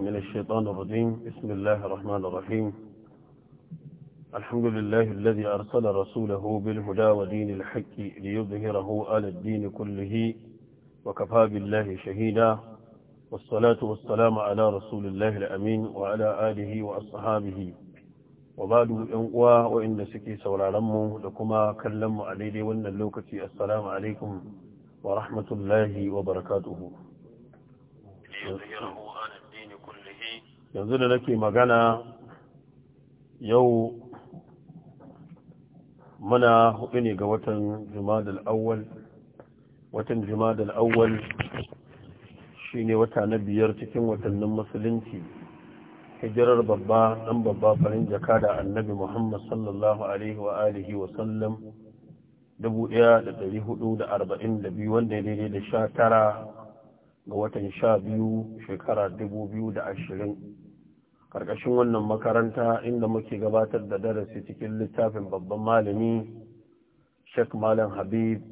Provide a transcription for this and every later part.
من الشيطان الرجيم بسم الله الرحمن الرحيم الحمد لله الذي أرسل رسوله بالهدى ودين الحق ليظهره على الدين كله وكفى بالله شهيدا والصلاة والسلام على رسول الله الأمين وعلى آله وأصحابه وبعد الأنقوى وإن سكي سورا رمو لكما كلم عليه وإن اللوكتي السلام عليكم ورحمة الله وبركاته ليظهره yanzu da nake magana yau muna hudu ne ga watan jumadal awwal watan jumadal awwal shine wata na biyar cikin watannin musulunci hijirar babba dan babba farin jaka da annabi muhammad sallallahu alaihi wa alihi wa sallam 1442 wanda ya daidai da sha tara ga watan sha biyu shekara 2020 ƙarƙashin wannan makaranta inda muke gabatar da darasi cikin littafin babban malami Sheikh Malam Habib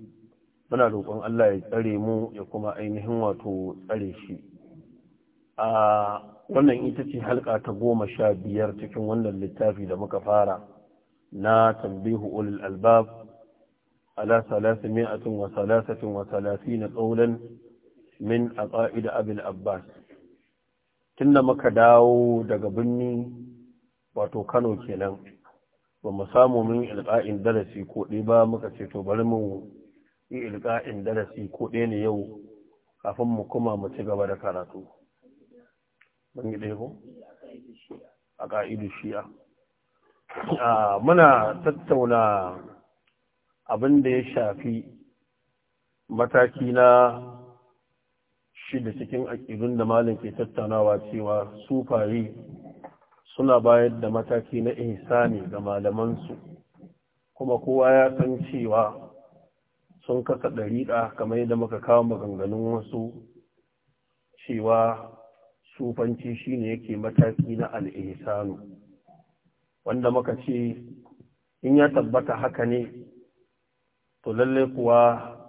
muna roƙon Allah ya tsare mu ya kuma ainihin wato tsare shi a wannan ita ce halka ta goma sha biyar cikin wannan littafi da muka fara na tambihu ulul albab ala salasa mi'atin wa salasatin wa salasi na ƙaunan min a ƙa'ida abin abbas tunda muka dawo daga birni wato Kano kenan ba mu samu min ilqa'in darasi ko ɗaya ba muka ce to bari mu yi ilqa'in darasi ko ɗaya ne yau kafin mu kuma mu ci gaba da karatu mun yi ɗaya ko a ka'idu shi'a muna tattauna abin da ya shafi mataki na da cikin aƙidun da malin ke tattaunawa cewa sufari suna bayar da mataki na ihsani ga malamansu kuma kowa ya san cewa sun kasa ɗariƙa kamar yadda muka kawo maganganun wasu cewa sufanci shi ne yake mataki na al'ihsanu wanda muka ce in ya tabbata haka ne to lallai kuwa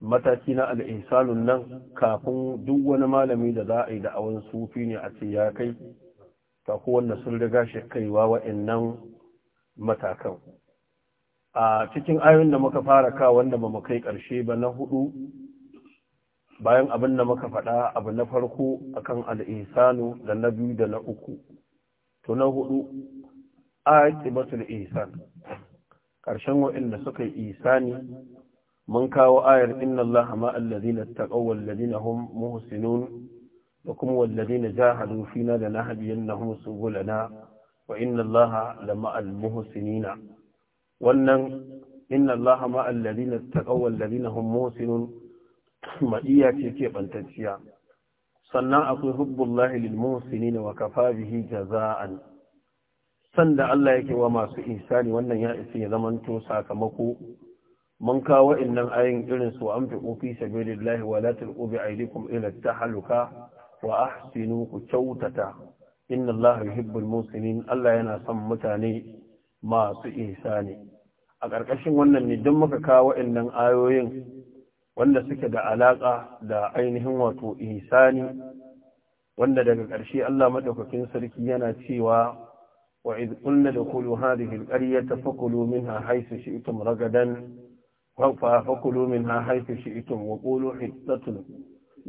mataki na al'isalun nan kafin duk wani malami da za a yi da'awan sufi ne a ce ya kai ta kowanne sun riga shi kaiwa wa'annan matakan a cikin ayoyin da muka fara ka wanda ba kai ƙarshe ba na hudu bayan abin da muka faɗa abu na farko kan al'isanu da na biyu da na uku to na hudu a masu isan ƙarshen da suka yi isani mun kawo ayar inna Allah ma allazina taqaw wal ladina hum muhusinun", da kuma wal ladina jahadu fina da na na nahdiyannahum gulana", wa inna Allah lama al muhsinina wannan inna Allah ma allazina taqaw wal ladina hum muhusinun" madiya ce ke bantacciya sannan akwai hubbullahi lahilin muhusinina wa kafa bihi jazaan sanda Allah yake wa masu ihsani wannan ya isa ya zamanto sakamako mun kawo innan ayin irin su an fi ƙofi sabilillahi wa la tulqu bi aydikum ila tahaluka wa ahsinu kyautata inna Allah yuhibbul muslimin Allah yana son mutane masu ihsani a ƙarƙashin wannan ne don muka kawo innan ayoyin wanda suke da alaƙa da ainihin wato ihsani wanda daga ƙarshe Allah madaukakin sarki yana cewa wa idh qulna dukhulu hadhihi al-qaryata fakulu minha haythu shi'tum ragadan فكلوا منها حيث شئتم وقولوا حتة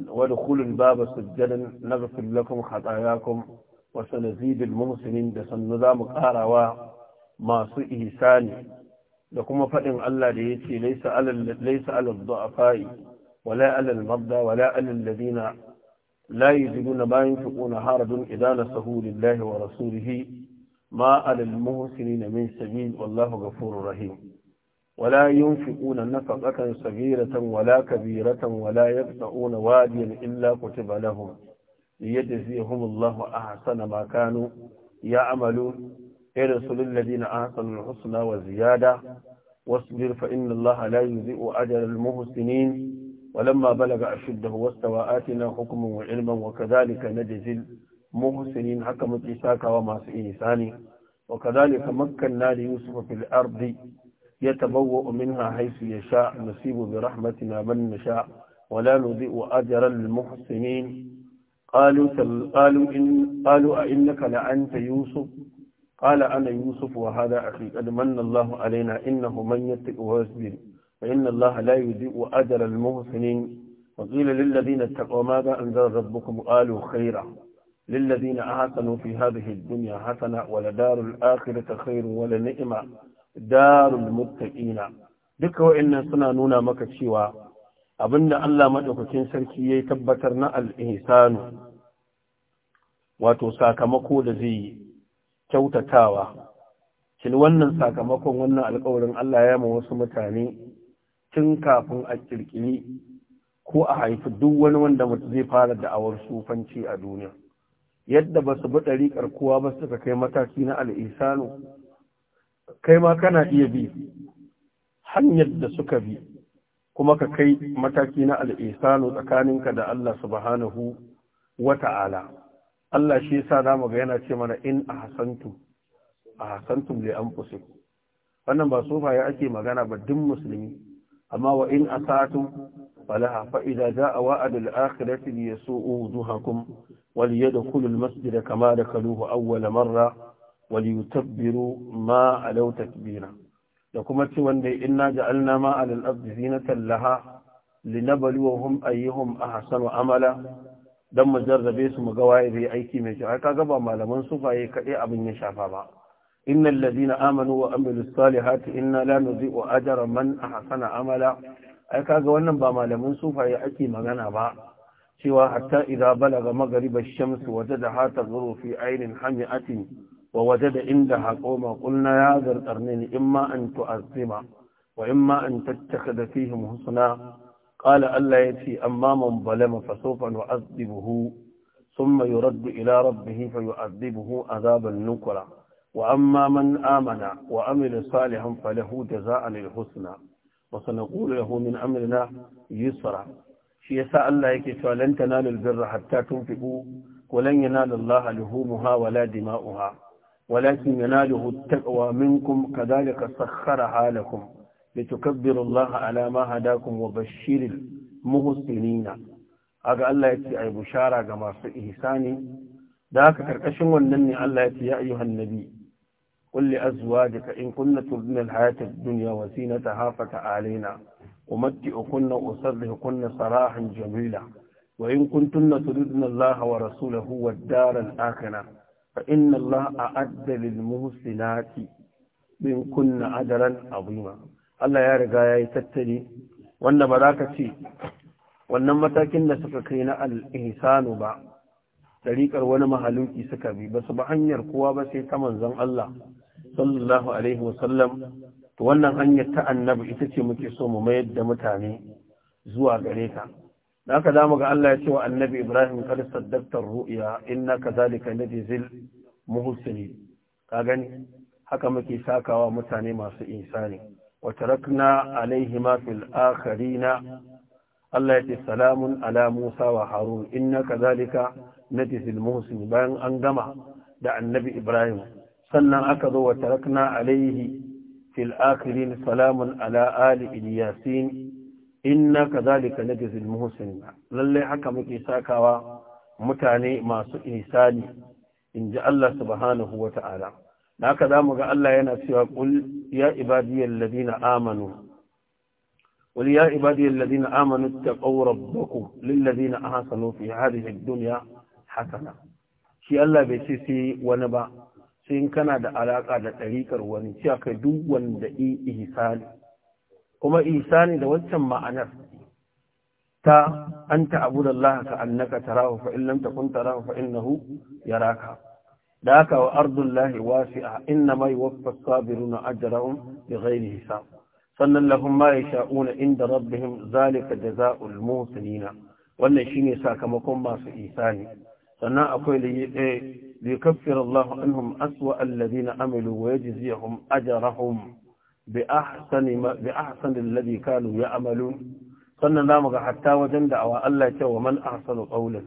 ودخول الباب سجدا نغفر لكم خطاياكم وسنزيد المغسلين دس النظام وما سئه ثاني لكم فإن الله ليتي ليس على ليس على الضعفاء ولا على المرضى ولا على الذين لا يجدون ما ينفقون حرج إذا نصحوا لله ورسوله ما على المحسنين من سبيل والله غفور رحيم ولا ينفقون نفقة صغيرة ولا كبيرة ولا يقطعون واديا إلا كتب لهم ليجزيهم الله أحسن ما كانوا يعملون ارسل الذين أحسنوا الحسنى وزيادة واصبر فإن الله لا يضيء أجر المحسنين ولما بلغ أشده واستوى آتنا حكما وعلما وكذلك نجزي المحسنين حكمت إساك وما إنساني وكذلك مكنا ليوسف في الأرض يتبوأ منها حيث يشاء نصيب برحمتنا من نشاء ولا نضيء أجر المحسنين قالوا قالوا إن قالوا أئنك لأنت يوسف قال أنا يوسف وهذا أخي قد من الله علينا إنه من يتق ويصبر فإن الله لا يضيء أجر المحسنين وقيل للذين اتقوا ماذا أنزل ربكم قالوا خيرا للذين أحسنوا في هذه الدنيا حسنة ولدار الآخرة خير ولنئمة darul muttaqina duka wa'annan suna nuna maka cewa abinda Allah madaukakin sarki yayi tabbatar na al ihsan wato sakamako da zai kyautatawa cin wannan sakamakon wannan alƙawarin Allah ya ma wasu mutane tun kafin a kirkiri ko a haifi duk wani wanda zai fara da'awar sufanci a duniya yadda ba su bi ɗariƙar kowa ba suka kai mataki na al'isanu kai ma kana iya bi hanyar da suka bi kuma ka kai mataki na al'isanu tsakaninka da Allah subhanahu wa ta'ala Allah shi yasa zamu ga yana ce mana in ahsantu ahsantum li anfusikum wannan ba sufaye ake magana ba duk musulmi amma wa in asatu falaha fa idza jaa wa'dul akhirati liyasu'u wujuhakum kulul masjida kama da kaluhu awwala marra وليتبروا ما علوا تكبيرا لكم تولى إنا جعلنا ما على الأرض زينة لها لنبلوهم أيهم أحسن عملا don mu jarrabe su mu ga waye bai aiki mai kyau kaga ba malaman sufaye kaɗai abin ya shafa ba innal ladina amanu wa amilus salihati na la nudhi'u ajra man ahsana amala ai kaga wannan ba malaman sufaye ake magana ba cewa hatta idza balaga maghriba ash-shams wajadaha tazuru fi aynin hami'atin ووجد عندها قوما قلنا يا ذا القرنين إما أن تعظم وإما أن تتخذ فيهم حسنا قال ألا يأتي أما من ظلم فسوف نعذبه ثم يرد إلى ربه فيعذبه عذابا نكرا وأما من آمن وعمل صالحا فله جزاء الحسنى وسنقول له من أمرنا يسرا في yasa الله yake لن lan البر حتى تنفقوا ولن ينال الله yanala ولا دماؤها ولكن يناله التقوى منكم كذلك سخرها لكم لتكبروا الله على ما هداكم وبشر المحسنين أقا الله يتي أي بشارة كما في إحساني ذاك تركشن ونني الله يتي يا أيها النبي قل لأزواجك إن كنا تردن الحياة الدنيا وزينتها فتعالينا أمتئكن وأسرهكن صراحا جميلا وإن كنتن تردن الله ورسوله والدار الآخرة fa inna Allah a'adda lil muhsinati min kunna ajran azima Allah ya riga ya yi tattali wanda ba za ka ce wannan matakin da suka kai na al-ihsanu ba dariƙar wani mahaluki suka bi ba su ba hanyar kowa ba sai ta manzon Allah sallallahu alaihi wasallam to wannan hanyar ta annabi ita ce muke so mu mayar da mutane zuwa gare ta. da haka damu ga Allah ya ce wa annabi Ibrahim kada saddaqtar ru'ya inna kadhalika najzil muhsini ka gani haka muke sakawa mutane masu insani wa tarakna alaihima fil na? Allah ya ce salamun ala Musa wa Harun inna kadhalika najzil muhsini bayan an gama da annabi Ibrahim sannan aka zo wa tarakna alaihi fil akhirin salamun ala ali Iliyasin? inna kazalika najzil muhsinin Lallai haka muke sakawa mutane masu ihsani inji Allah subhanahu wata'ala haka zamu ga Allah yana cewa qul ya ibadiyal ladina amanu qul ya ibadiyal ladina amanu taqaw rabbakum lil ladina ahsanu fi hadhihi ad hasana shi Allah bai ce sai wani ba sai in kana da alaƙa da ɗarikar wani cewa kai duk wanda ihsani kuma ne da wancan ma'anar ta an ta'budu Allah ka annaka tarahu fa kun lam takun tarahu fa innahu yaraka da haka wa wasi a inna ma yuwaffa as-sabiruna ajrahum bighairi hisab sannan lahum ma sha'una, inda rabbihim zalika jazaa'ul muhsinina wannan shine sakamakon masu isani sannan akwai li yukaffira Allahu anhum aswa alladhina amilu wa yajzihum ajrahum bi ahsani alladhi kanu ya'malun sannan zamu ga hatta wajen awa Allah ya ce wa man ahsanu qawlan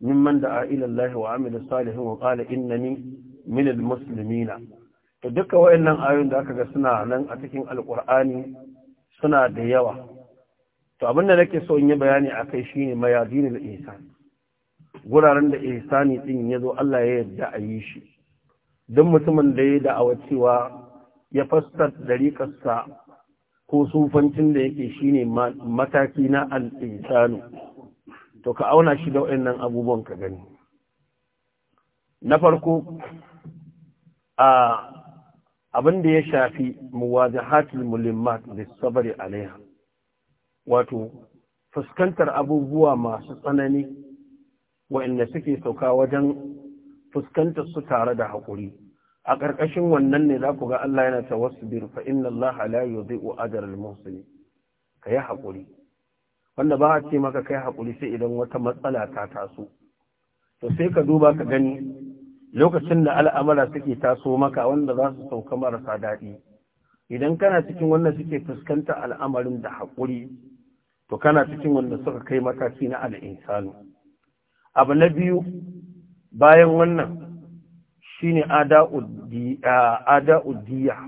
man da'a ila Allah wa amila salihin wa qala innani min musulmina. to duka wayannan ayoyin da aka ga suna nan a cikin alqur'ani suna da yawa to abin da nake so in yi bayani akai shine mayadinul ihsan guraren da ihsani din yazo Allah ya yarda a yi shi duk mutumin da ya da'awa cewa ya fassar dariƙarsa ko sufancin da yake shine mataki na al'insanu to ka auna shi da wayannan abubuwan ka gani na farko abin da ya shafi muwajahatul mulimmat lisabari alaiha wato fuskantar abubuwa masu tsanani waɗanda suke sauka wajen fuskantar su tare da haƙuri a ƙarƙashin wannan ne za ku ga Allah yana ta wasu biyu fa inna Allah zai yudhi'u ajra al ka yi haƙuri wanda ba a ce maka ka yi haƙuri sai idan wata matsala ta taso to sai ka duba ka gani lokacin da al'amara suke taso maka wanda za su sauka marasa daɗi idan kana cikin wanda suke fuskanta al'amarin da haƙuri to kana cikin wanda suka kai mataki na al'insanu abu na biyu bayan wannan shine ada'uddiya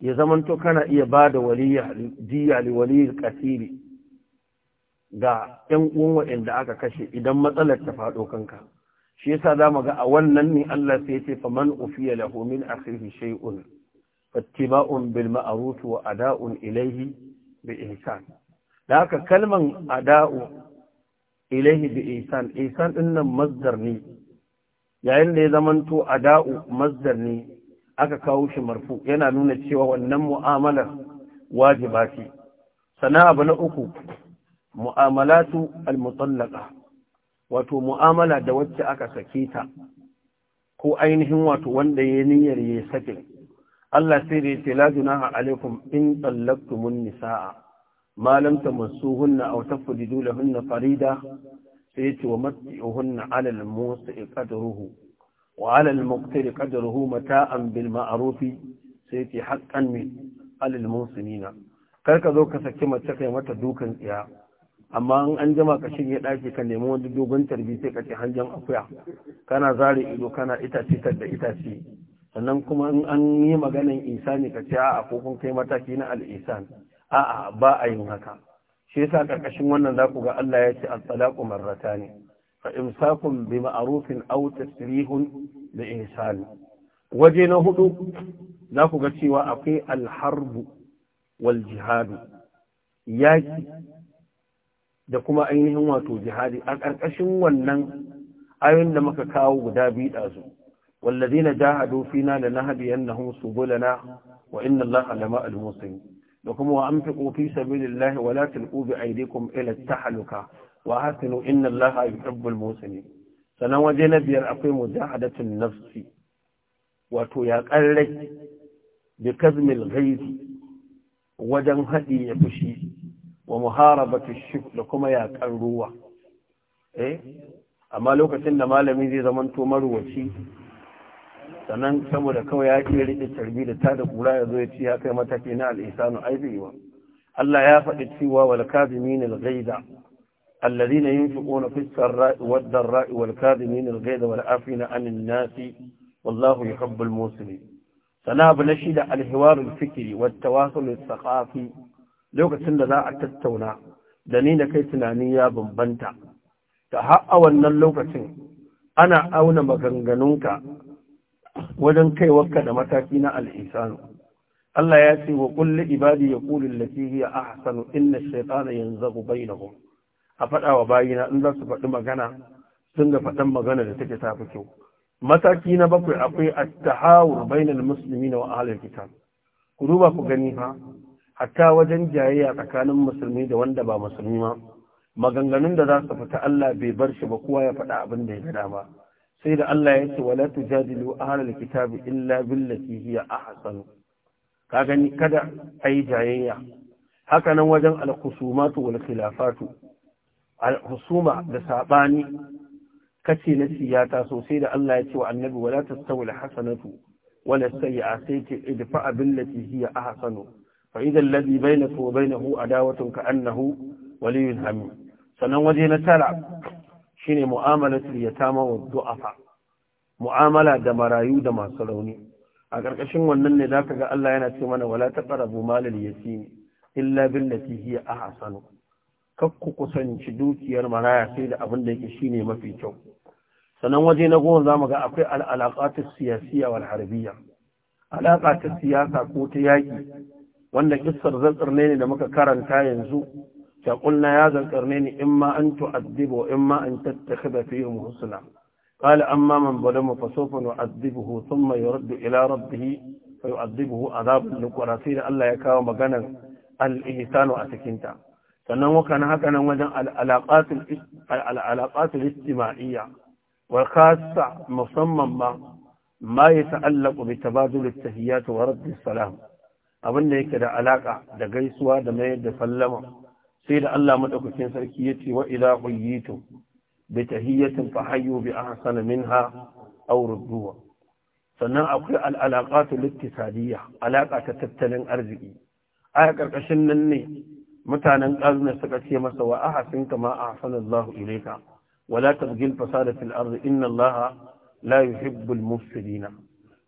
ya zamanto kana iya ba da diya li waliyar kasiri ga ‘yan uwa inda aka kashe idan matsalar ta faɗo kanka shi yasa za mu ga a wannan ne Allah sai ce fa man ufiya lahu min akhihi shay'un fattiba'un bil ma'ruf wa ada'un ilayhi bi ihsan da haka kalman ada'u ilayhi bi ihsan ihsan din nan masdar ne yayin da ya zamanto a da'u masdar ne aka kawo shi marfu yana nuna cewa wannan mu'amalar wajiba ce sana abu na uku mu'amalatu al-mutallaqa wato mu'amala da wacce aka sake ta ko ainihin wato wanda ya niyyar ya sake Allah sai da yace la junaha alaikum in tallaqtumun nisaa ma lam tamassuhunna aw tafridu lahunna farida sai ce wa mat'ihunna alal al-musi'i qadruhu wa alal al-muqtiri mata'an bil ma'arufi sai ce haƙƙan mai alal musu nina. kar ka zo ka saki mace kai mata dukan tsiya amma in an jama ka shirya ɗaki ka nemi wani dogon tarbi sai ka ce hanjan akuya kana zare ido kana itace tar da itace sannan kuma in an yi maganin isa ne ka ce a ko kai mataki na al'isan a'a ba a yin haka shi yasa karkashin wannan zaku ga Allah ya ce at-talaqu marratani fa imsakun bi ma'rufin aw tasrihun bi ihsan waje na hudu zaku ga cewa akwai al-harb wal jihad yaki da kuma ainihin wato jihadi a karkashin wannan ayoyin da muka kawo guda biyu da jahadu fina جاهدوا فينا لنهدينهم سبلنا وإن الله لماء المسلمين da kuma wa an fi sabilillahi wa la tulqu bi kuma ila tahluka wa hasinu inna allaha motsa muhsinin sanan waje na biyar akwai mujahadatun nafsi wato ya karrai bi kazmil ghaizi wajen haɗi ya fushi wa muharabatu shuk da kuma ya ruwa eh amma lokacin da malami zai zamanto maruwaci sannan saboda kawai ya ke riƙe carbi da ta da ƙura ya zo ya ci ya kai mataki na al'isanu aibewa Allah ya faɗi cewa wal kazimin al yin alladhina yunfiquna fi sarra'i wad dharra'i wal kazimin al-ghaiza wal nasi wallahu yuhibbul muslimin sana abu na shida al fikiri wata fikri wat lokacin da za a tattauna da ni da kai tunani ya bambanta ta har a wannan lokacin ana auna maganganunka wajen kaiwarka da mataki na al'isanu Allah ya ce wa ƙulla ibadi ya kuli lati hiya ahsanu inna shaytana yanzagu bainahum a faɗa wa bayina in za su faɗi magana sun ga faɗan magana da take tafi kyau mataki na bakwai akwai at-tahawur bainal muslimina wa ahlil kitab ku duba ku gani fa hatta wajen jayayya tsakanin musulmi da wanda ba musulmi ma maganganun da za su fita Allah bai bar shi ba kowa ya faɗa abin da ya gada ba سيد الله يس ولا تجادلوا أهل الكتاب إلا بالتي هي أحسن كاغني كذا أي جاية هكا نوجد الخصومات والخلافات الخصومة لساباني كتي نسي ياتا سو سيد الله يس والنبي ولا تستوي الحسنة ولا السيئة سيتي ادفع بالتي هي أحسن فإذا الذي بينك وبينه عداوة كأنه ولي حميم سنوجد نتلعب shine mu'amalatul yatama wa du'afa mu'amala da marayu da masu rauni a ƙarƙashin wannan ne zaka ga Allah yana ce mana wala taqrabu malal yatim illa billati hiya ahsanu kakku kusanci dukiyar maraya sai da abin da yake shine mafi kyau sannan waje na goma zamu ga akwai al'alaqatus siyasiyya wal harbiyya alaƙa ta siyasa ko ta yaƙi wanda kissar zantsar ne da muka karanta yanzu فقلنا يا ذا القرنين إما أن تؤدبوا اما أن تتخذ فيهم حسنا قال أما من ظلم فسوف نؤدبه ثم يرد إلى ربه فيؤدبه عذاب النكر أسير ألا يكاو مغانا الإهسان أتكنتا فنو كان هكذا نوجا العلاقات العلاقات الاجتماعية وخاصه مصمم ما يتعلق بتبادل التهيات ورد السلام أبنى كده علاقة ده غيسوا ده ميد سلمه sai da Allah madaukakin sarki ce wa idza qayyitum bi tahiyyatin fahayyu bi ahsana minha aw rudduha sannan akwai al'alaqatu littisadiyya alaqa ta tattalin arziki a karkashin nan ne mutanen ƙarni suka ce masa wa ahsin kama ahsana Allah ilayka wala tabghil fasada fil ardi inna Allah la yuhibbul mufsidina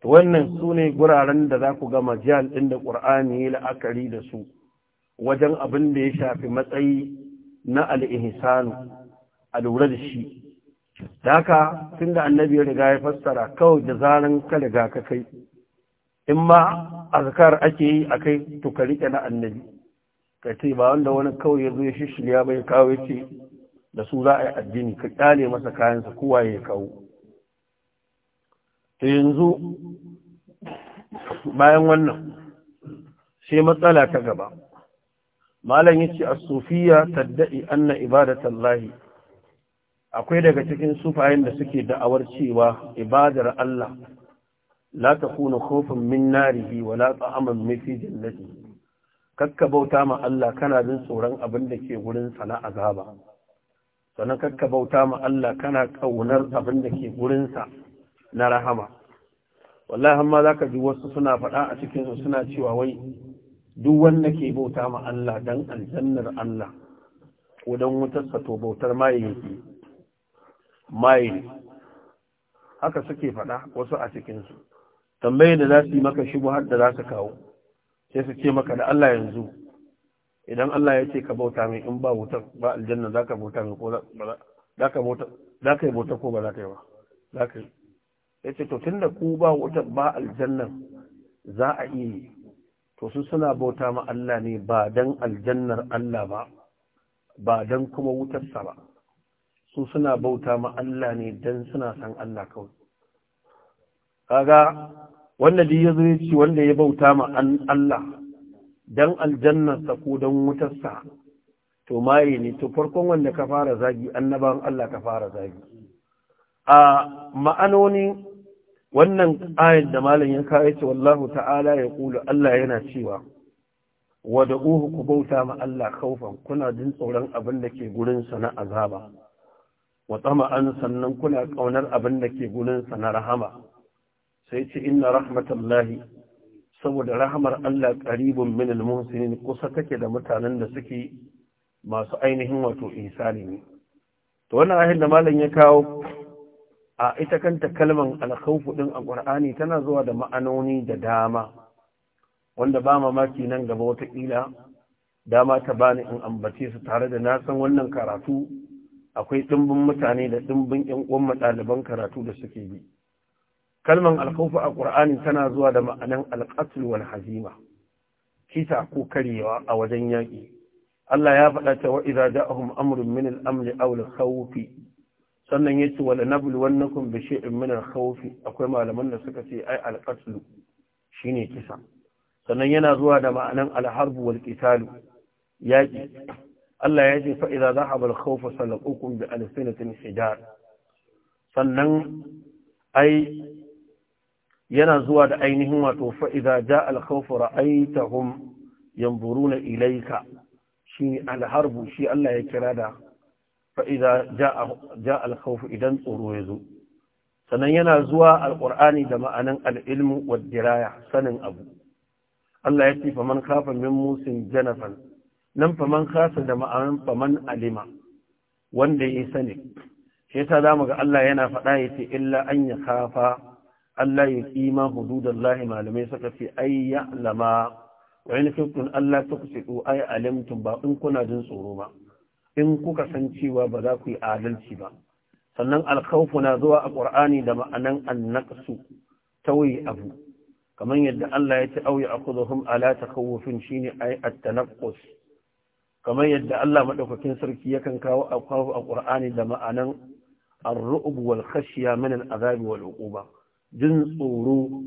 to wannan sune guraren da za ku ga majal din da Qur'ani ya la'akari da su wajen abin da ya shafi matsayi na al'ihisanu a lura da shi da haka tun da annabi ya riga ya fassara kawai da zanen ka riga ka kai in ma zakar ake yi a kai to ka riƙe na annabi ka ce ba wanda wani kawai ya zo ya shishirya bai kawo ya ce da su za a yi addini ka ƙyale masa kayansa kowa ya kawo to yanzu bayan wannan sai matsala ta gaba malam yace as-sufiyya tadda'i anna ibadatallahi akwai daga cikin sufayen da suke da'awar cewa ibadar Allah la takunu khawfan min narihi wa la ta'aman min fi jannati kakka bauta ma Allah kana jin tsoron abin da ke gurin na azaba sannan kakka bauta ma Allah kana kaunar abin da ke gurin sa na rahama wallahi amma zaka ji wasu suna faɗa a cikin suna cewa wai duk wanda ke bauta ma Allah dan aljannar Allah ko dan wutar sa to bautar maye yake haka suke faɗa wasu a cikin su da za su yi maka shigo har da za su kawo sai su ce maka da Allah yanzu idan Allah ya ce ka bauta mai in ba wutar ba aljanna za ka bauta mai ko za ka bauta za ka yi bauta ko ba za ka yi ba za ka yi ya ce to tun da ku ba wutar ba aljannan za a iya to su suna bauta ma Allah ne ba dan aljannar Allah ba ba dan kuma wutarsa ba su suna bauta ma Allah ne dan suna san Allah kawai kaga wanda da yazo ya ci wanda ya bauta ma Allah dan aljannarsa ko dan wutarsa to maye ne to farkon wanda ka fara zagi annaban Allah ka fara zagi a ma'anoni wannan ayin da malam ya kawo ce wallahu ta'ala ya kulu Allah yana cewa uhu ku bauta ma Allah kaufan kuna jin tsoron abin da ke gurin sa na azaba wa tama'an sannan kuna kaunar abin da ke gurin sa na rahama sai ce inna rahmatallahi saboda rahamar Allah qaribun min almuhsinin kusa take da mutanen da suke masu ainihin wato ihsani ne to wannan ayin da malam ya kawo a ita kanta kalman alkhawfu din a Qur'ani tana zuwa da ma'anoni da dama wanda ba mamaki nan gaba wata kila dama ta bani in ambace su tare da na san wannan karatu akwai dimbin mutane da dimbin ƴan uwan ɗaliban karatu da suke bi kalman alkhawfu a Qur'ani tana zuwa da ma'anan alqatl wal hazima kisa ko karyewa a wajen yaki. Allah ya faɗa ta wa idza ja'ahum amrun min al-amri aw al-khawfi sannan yace wala wannan kun bi shay'in min al-khawf akwai malaman da suka ce ai al Shi ne kisa sannan yana zuwa da ma'anan al-harb wal qital yaki Allah ya ce fa za dhahaba al-khawf salaqukum bi alfinatin hijar sannan ai yana zuwa da ainihin wato fa idza jaa al-khawf ra'aytahum yanzuruna ilayka shi al-harb shi Allah ya kira da fa'iza ja alkhawfu idan tsoro ya zo sannan yana zuwa alƙur'ani da ma'anan al'ilmu wa diraya sanin abu Allah ya ce faman kafa min musin janafan nan faman kasa da ma'anan faman alima wanda ya sani shi yasa zamu ga Allah yana faɗa ya ce illa an ya kafa Allah ya kima hududallahi malamai suka ce ai ya'lama wa in kuntum Allah tuqsidu ay alimtum ba in kuna jin tsoro ba in kuka san cewa ba za ku yi adalci ba sannan alkhawfu na zuwa a qur'ani da ma'anan annaqsu tauyi abu kamar yadda Allah ya ce au ya'khudhuhum ala takawufin shine ay at-tanaqqus kamar yadda Allah madaukakin sarki yakan kawo alkhawfu a qur'ani da ma'anan ar-ru'b wal khashya min al-azab wal uquba jin tsoro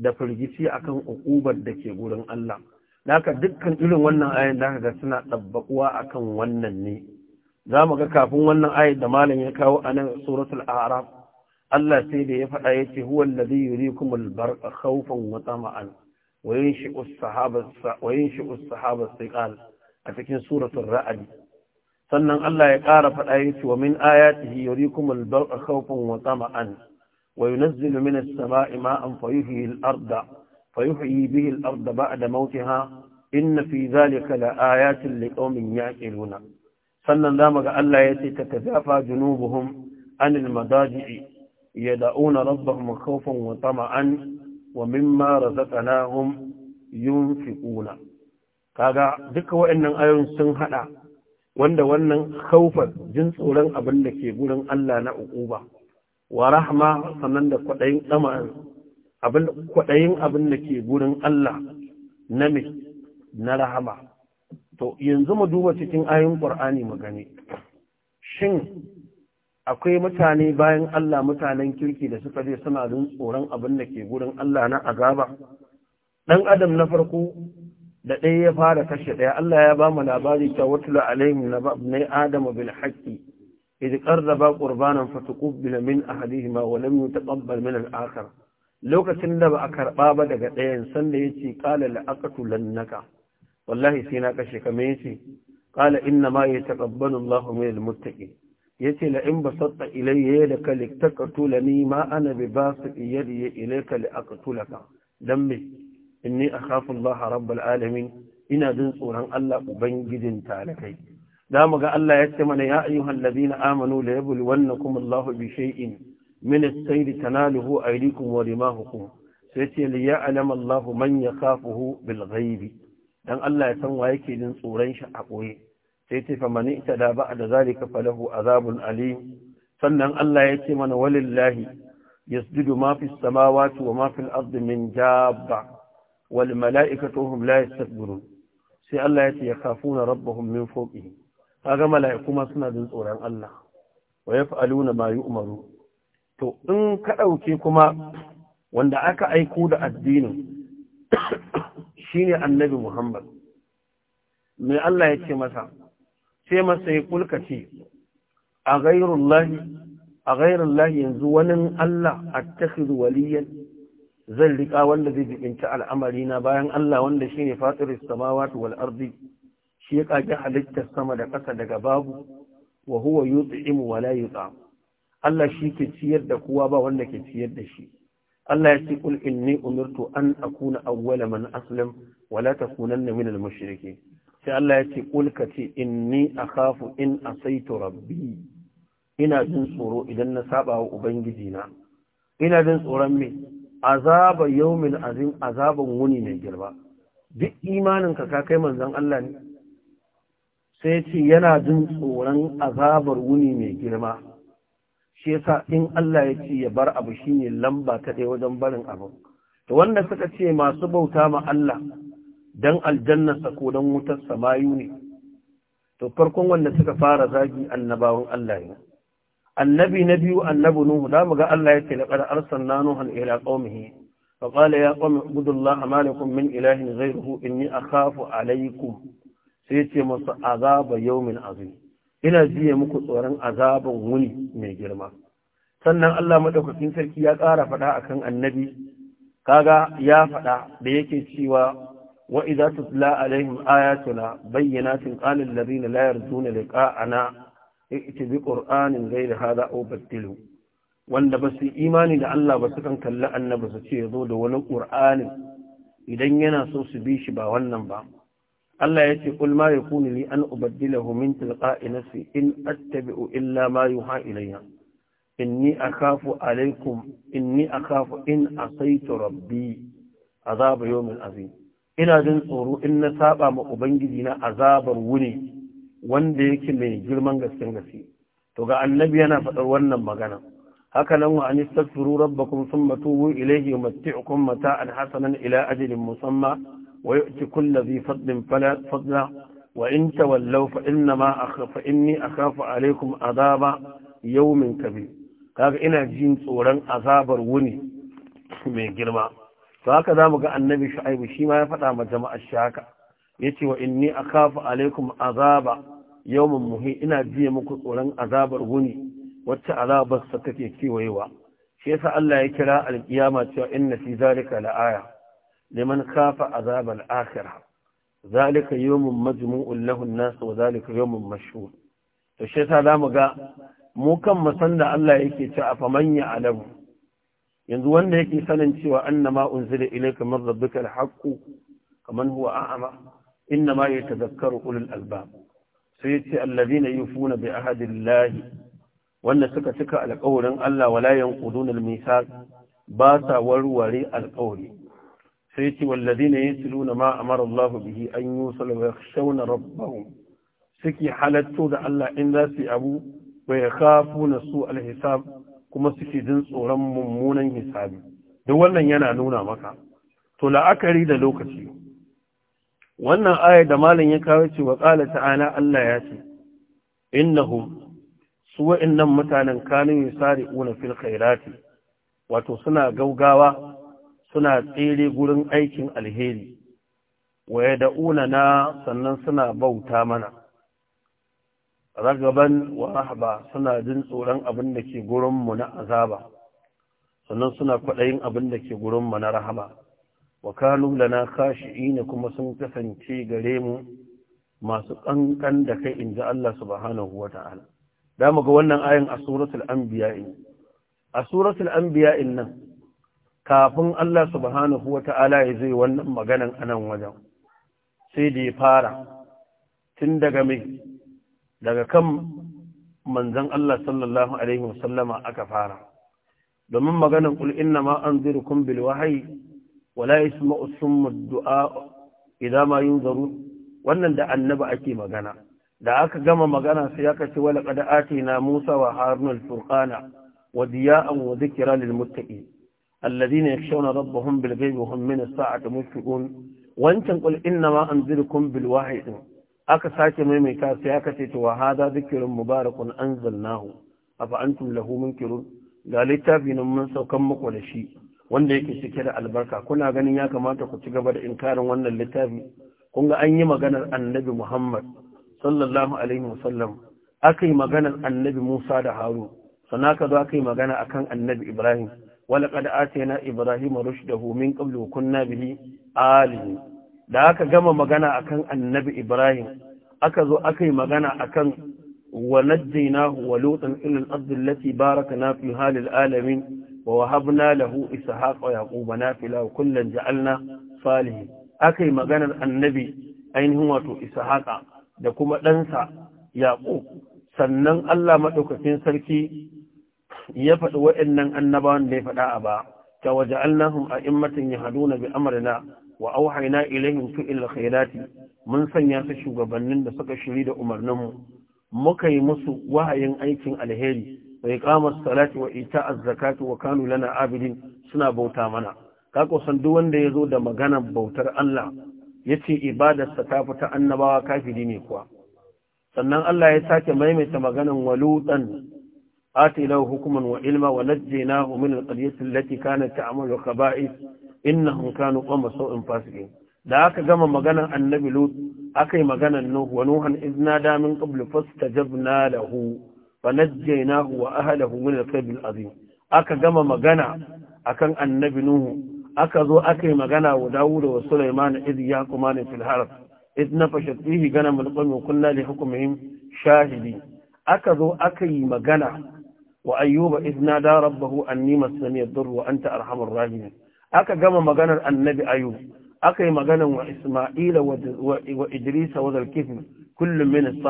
da firgici akan uqubar da ke gurin Allah Daka dukkan irin wannan ayin da ga suna ɗabbaƙuwa akan wannan ne. Za mu ga kafin wannan ayin da malam ya kawo a nan suratul araf Allah sai da ya faɗa ya ce huwa alladhi yurikum al-barqa khawfan wa wata ma'an. yanshi'u as-sahaba wa yanshi'u a cikin suratul ra'adi. Sannan Allah ya ƙara faɗa ya ce wa min ayatihi yurikum al-barqa khawfan wa tama'an wa yunazzilu min as-sama'i ma'an fayuhyi al-arda فيحيي به الأرض بعد موتها إن ya ذلك لآيات لقوم يعقلون sannan za mu ga Allah ya ce ta tajafa junubuhum anil madaji'i yad'una rabbahum khawfan wa tama'an wa mimma razaqnahum yunfiquna kaga duka waɗannan ayoyin sun haɗa wanda wannan khawfan jin tsoron abin da ke gurin Allah na ukuba. wa rahma sannan da kwadayin tama'an kwaɗayin abin da ke gurin Allah na mai na rahama to yanzu mu duba cikin ayin ƙur'ani mu gani shin akwai mutane bayan Allah mutanen kirki da suka je suna jin tsoron abin da ke gurin Allah na azaba dan adam na farko da ɗaya ya fara kashe ɗaya Allah ya ba mu labari ta watula alaihim na adamu bil haqqi إذ قرب قربانا فتقبل wa أحدهما ولم يتقبل min الآخر lokacin da ba a karɓa ba daga ɗayan sanda ya ce ƙala la'akatu lannaka wallahi sai na kashe ka me yace ƙala inna ma ya taqabbalu Allahu min al-muttaqin yace lain in basatta ilayya yadaka ni, ma ana bi basit yadi ilayka liaqtulaka dan me inni akhafu Allah rabbul alamin ina jin tsoron Allah ubangijin talakai da mu ga Allah ya ce mana ya ayyuhal ladina amanu la kuma Allahu bi shay'in min tana luhu, tanaluhu aydikum wa rimahukum sai ce li alama Allahu man ya bil ghaib dan Allah ya san wa yake jin tsoron shi a koye sai ce fa da itada ba'da zalika falahu azabun Ali? sannan Allah ya ce mana walillahi yasjudu ma fis samawati wa ma fil ardi min dabba wal mala'ikatu hum la yastakbirun sai Allah ya ce ya kafuna rabbahum min fawqihim kaga mala'iku ma suna jin tsoron Allah wa yaf'aluna ma umaru? to in ka ɗauke kuma wanda aka aiko da addinin shine annabi Muhammad mai Allah ya ce masa ce masa ya kulka ce a gairullahi a gairullahi yanzu wani Allah da waliyan zan riƙa wanda zai zikinci al'amarina bayan Allah wanda shine fatiris samawati wal ardi shi ya kage halittar sama da ƙasa daga babu wa huwa yut'imu wala la Allah shi ke ciyar da kowa ba wanda ke ciyar da shi Allah ya ce kul inni umirtu an akuna awwala man aslam wa la takunanna min al mushrikeen sai Allah ya ce kul ka ce inni akhafu in asaitu rabbi ina jin tsoro idan na saba wa ubangiji na ina jin tsoron me azaba yawmin azim azaban wuni mai girma duk imanin ka ka kai manzon Allah ne sai ya ce yana jin tsoron azabar wuni mai girma shi yasa in Allah ya ce ya bar abu shine lamba ta ɗaya wajen barin abu to wanda suka ce masu bauta ma Allah dan aljannarsa ko dan wutar samayu ne to farkon wanda suka fara zagi annabawan Allah ne annabi na biyu annabi nuhu da mu ga Allah ya ce laqad arsalna nuhan ila qaumihi fa qala ya qaumi ibudullaha ma lakum min ilahin ghayruhu inni akhafu alaykum sai ce masa azaba yawmin azim ina jiye muku tsoron azaban wuni mai girma sannan Allah madaukakin sarki ya ƙara faɗa akan annabi kaga ya faɗa da yake cewa wa idza tutla alaihim ayatuna bayyinatin qala alladhina la na liqa'ana i'ti bi qur'anin ghayri hadha aw baddilu wanda ba su imani da Allah ba su kan kalli annabi su ce zo da wani qur'anin idan yana so su bi shi ba wannan ba Allah ya ce kul ya yakunu ni an ubaddilahu min tilqa'i nafsi in attabi'u illa ma yuha ilayya inni akhafu alaykum inni akhafu in asaitu rabbi azab yawmin azim ina jin tsoro in na saba ma ubangiji na azabar wuni wanda yake mai girman gaskin gaske to ga annabi yana faɗar wannan magana haka nan wa an istaghfiru rabbakum thumma tubu ilayhi yumatti'ukum mata'an hasanan ila ajalin musamma ويؤتي كل ذي فضل فلا فضلا وإن تولوا فإنما أخ فإني أخاف عليكم عذاب يوم كبير kaga ina jin tsoron azabar wuni mai girma to haka zamu ga annabi shu'aibu shi ma ya faɗa ma jama'ar shi haka yace wa inni akhafu alaikum azaba yawmin muhi ina jiye muku tsoron azabar wuni wacce azabar sa take kewayewa shi yasa Allah ya kira alkiyama cewa inna fi zalika la'aya liman kafa azabal akhirah zalika yawmun majmu'un lahu an-nas wa zalika yawmun mashhur to shi yasa zamu ga mu kan musan da Allah yake cewa fa man ya'lamu yanzu wanda yake sanin cewa annama unzila ilayka min rabbika al-haqqu kaman huwa a'ama innama yatadhakkaru ulul albab sai yace alladhina yufuna bi ahadillahi wanda suka cika alƙawarin Allah wa yanquduna al Misa, ba sa warware alƙawari sai ce ne yin yasluna ma ma'amar Allah bihi an wasu ya shauna rabbahu suke halatto da Allah in za su yi abu kafu na su alhisab kuma suke jin tsoron mummunan hisabi duk wannan yana nuna maka to la'akari da lokaci wannan aya da malam ya kawo cewa qala ta'ala Allah ya ce innahum su wa'annan mutanen kanu yasari'una fil khairati wato suna gaugawa suna tsere gurin aikin alheri wa da'una na sannan suna bauta mana ragaban wa rahaba suna jin tsoron abin da ke gurinmu na azaba sannan suna kwaɗayin abin da ke gurinmu na rahama wa kanu lana ina kuma sun kasance gare mu masu ƙanƙan da kai in ji Allah subhanahu wa ta'ala da ga wannan ayin a suratul anbiya a suratul nan kafin Allah subhanahu wa ta'ala ya zai wannan maganan anan wajen sai da ya fara tun daga mai daga kan manzan Allah sallallahu Alaihi wasallama aka fara domin maganar ƙul inna ma an zirkun bil wahayi wala ya suma usun du'a idan ma yin zaru wannan da annaba ake magana da aka gama magana sai aka ci wala qad atina Musa wa Harun al-Furqana wa diya'an wa dhikra lil الذين يخشون ربهم بالغيب وهم من الساعة مشفقون وانتم قل إنما أنذركم بالوحي أكساك ميمي كاسياكة وهذا ذكر مبارك أنزلناه أفأنتم له منكرون قال تابين من سوكمك ولا شيء wanda yake cike da albarka kuna ganin ya kamata ku ci gaba da inkarin wannan littafi kun ga an yi maganar annabi Muhammad sallallahu alaihi wasallam aka yi maganar annabi Musa da Haru. sannan ka yi magana akan annabi Ibrahim ولقد آتينا ibrahim رشده min قبل kunna bihi عالم da aka gama magana akan annabi Ibrahim aka zo aka yi magana akan wa najjaynahu wa lutan ila al-ard allati barakna fiha alamin wa wahabna lahu ishaqa wa yaquba nafila wa kullan ja'alna salihin aka yi maganar annabi ainihin wato ishaqa da kuma ɗansa yaqub sannan Allah madaukakin sarki ya faɗi waɗannan annabawan da ya faɗa a ba ta waje allahun a matan ya na bi amarna wa auhaina ilayhim fi'il khairati mun sanya su shugabannin da suka shiri da umarninmu muka yi musu wahayin aikin alheri wa kamar salati wa ita zakati wa kanu lana abidin suna bauta mana ka san duk wanda ya zo da maganar bautar Allah ya ce ibadarsa ta fita annabawa kafiri ne kuwa sannan Allah ya sake maimaita maganan walutan آتيناه حكما وعلما ونجيناه من القرية التي كانت تعمل الخبائث إنهم كانوا قوم سوء فاسقين da aka gama maganan annabi lut aka yi maganan nuhu wa nuhan izna da min qabl fastajabna lahu fa najjaynahu wa ahlihi min al-kayb al-azim aka gama magana akan annabi nuhu aka zo aka yi magana wa dawud wa sulaiman iz yaqumani fil harf iz nafashat fihi ganam al kunna li hukmihim shahidi aka zo aka yi magana wa ayyuba idh nada rabbahu anni massani ad-dur wa anta arhamur rahimin aka gama maganar annabi ayyub aka yi wa isma'ila wa idrisa wa zalkifin kullum min as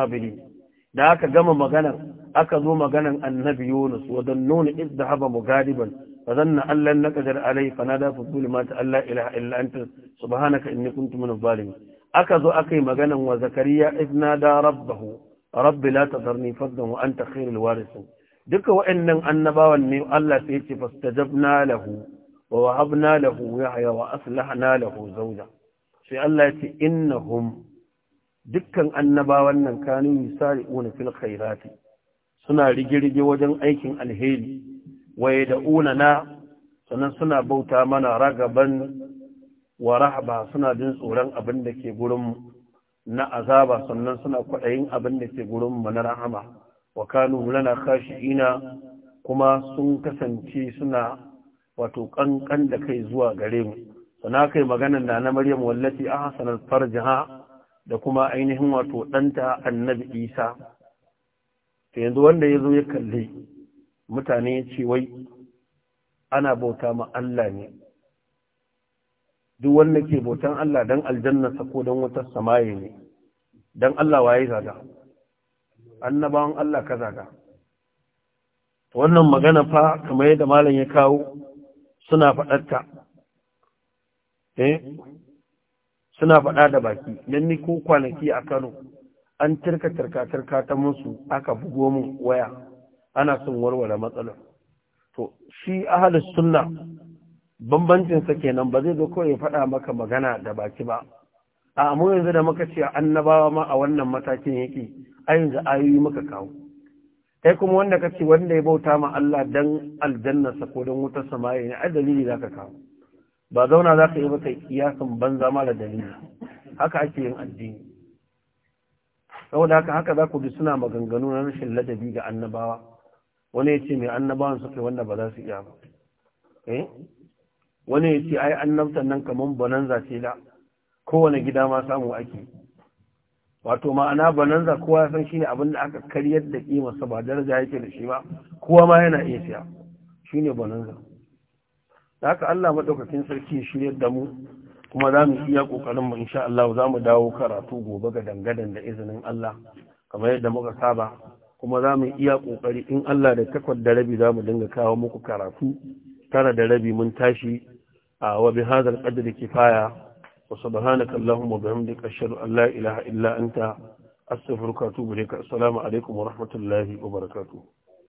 da aka gama maganar aka zo maganar annabi yunus wa dannuna idh dhahaba mugadiban فظن أن لن نقدر عليه فنادى في الظلمات أن لا إله إلا أنت سبحانك إني كنت من الظالمين أكذو أكي مغنى وزكريا إذ نادى ربه رب لا تذرني فردا وأنت خير الوارثين duka waɗannan annabawan ne Allah sai ce fastajabna lahu wa wahabna lahu yahya wa aslahna lahu zawja sai Allah ya ce hum. dukkan annabawan nan kanu una fil khairati suna rigirge wajen aikin alheri waye da una na? sannan suna bauta mana ragaban wa rahaba suna jin tsoron abin da ke gurin na azaba sannan suna kwaɗayin abin da ke gurin mu na rahama wakanu na lana khashi'ina kuma sun kasance suna wato kankan da kai zuwa gare mu sana kai magana da na Maryam wallati ahsanal farjaha da kuma ainihin wato danta Annabi Isa to yanzu wanda yazo ya kalle mutane ya ce wai ana bauta ma Allah ne duk wanda ke bautan Allah dan aljanna sako dan wata samaye ne dan Allah waye zaga annabawan Allah kaza ga wannan magana fa kamar yadda malam ya kawo suna faɗarta eh suna faɗa da baki nan ni ko kwanaki a Kano an tirka tirka tirka ta musu aka bugo min waya ana son warware matsalar to shi ahalus sunna bambancinsa kenan ba zai zo kawai ya faɗa maka magana da baki ba a mu yanzu da muka ce annabawa ma a wannan matakin yake ayin da ayoyi muka kawo kai kuma wanda kace wanda ya bauta ma Allah dan aljanna sa ko dan wutar samaye ne ai dalili ka kawo ba zauna za ka yi maka kiyasan banza ma da dalili haka ake yin addini saboda haka haka za ku bi suna maganganu na rashin ladabi ga annabawa wani ya ce mai annabawan suke wanda ba za su iya ba eh wani ya ce ai annabtan nan kaman bonanza ce da. kowane gida ma samu ake wato ma'ana bananza kowa ya san shine abin da aka karyar da kimarsa ba daraja yake da shi ba kowa ma yana iya siya shine bananza da haka Allah madaukakin sarki shiryar da mu kuma za mu iya kokarin mu insha Allah za mu dawo karatu gobe ga dangadan da izinin Allah kamar yadda muka saba kuma za mu iya kokari in Allah da takwas da rabi za mu dinga kawo muku karatu tara da rabi mun tashi a wa bi hadal qadri kifaya wa subhanaka allahumma bihamdika ashhadu an la ilaha illa anta astaghfiruka wa atubu ilaik assalamu alaikum wa rahmatullahi wa barakatu.